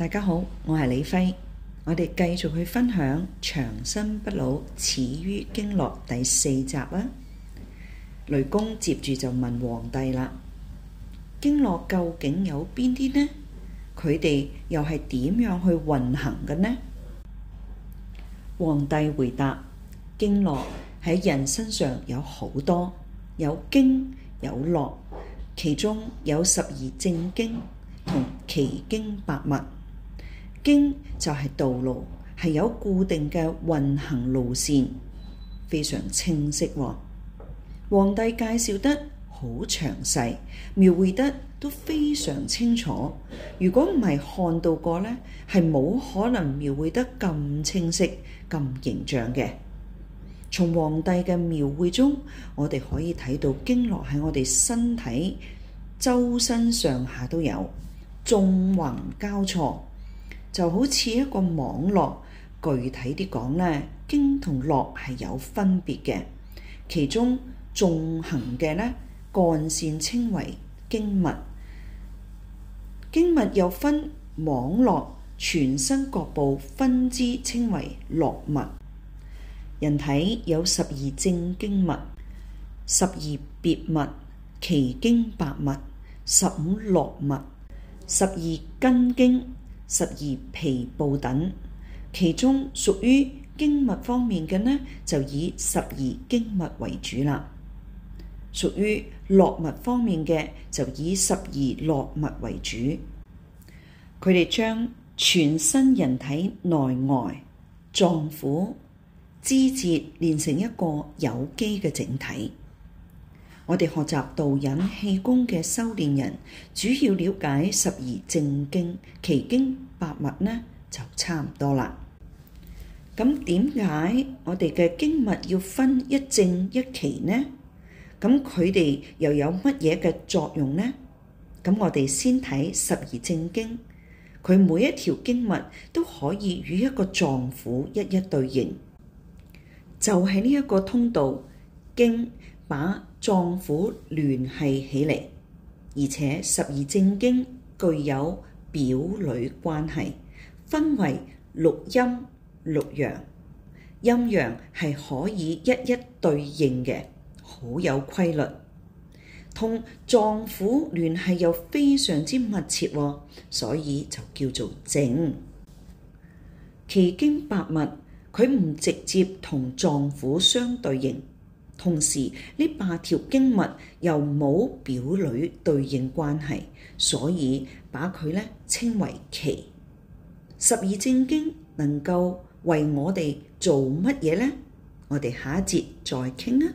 大家好，我係李輝，我哋繼續去分享《長生不老始終經絡》第四集啦。雷公接住就問皇帝啦：經絡究竟有邊啲呢？佢哋又係點樣去運行嘅呢？皇帝回答：經絡喺人身上有好多，有經有絡，其中有十二正經同奇經八脈。經就係道路，係有固定嘅運行路線，非常清晰。黃帝介紹得好詳細，描繪得都非常清楚。如果唔係看到過呢，係冇可能描繪得咁清晰、咁形象嘅。從黃帝嘅描繪中，我哋可以睇到經絡喺我哋身體，周身上下都有，縱橫交錯。就好似一個網絡，具體啲講呢，經同絡係有分別嘅。其中縱行嘅呢，幹線稱為經脈，經脈又分網絡全身各部，分支稱為絡脈。人體有十二正經脈、十二別脈、奇經八脈、十五絡脈、十二根經。十二皮部等，其中屬於經脈方面嘅呢，就以十二經脈為主啦。屬於絡脈方面嘅，就以十二絡脈為主。佢哋將全身人體內外臟腑、肢節連成一個有機嘅整體。我哋學習導引氣功嘅修煉人，主要了解十二正經，奇經八脈呢就差唔多啦。咁點解我哋嘅經脈要分一正一奇呢？咁佢哋又有乜嘢嘅作用呢？咁我哋先睇十二正經，佢每一條經脈都可以與一個臟腑一一對應，就係呢一個通道經。把臟腑聯繫起嚟，而且十二正經具有表裏關係，分為六陰六陽，陰陽係可以一一對應嘅，好有規律，同臟腑聯繫又非常之密切，所以就叫做正。奇經八脈佢唔直接同臟腑相對應。同時，呢八條經脈又冇表裏對應關係，所以把佢呢稱為奇。十二正經能夠為我哋做乜嘢呢？我哋下一節再傾啊！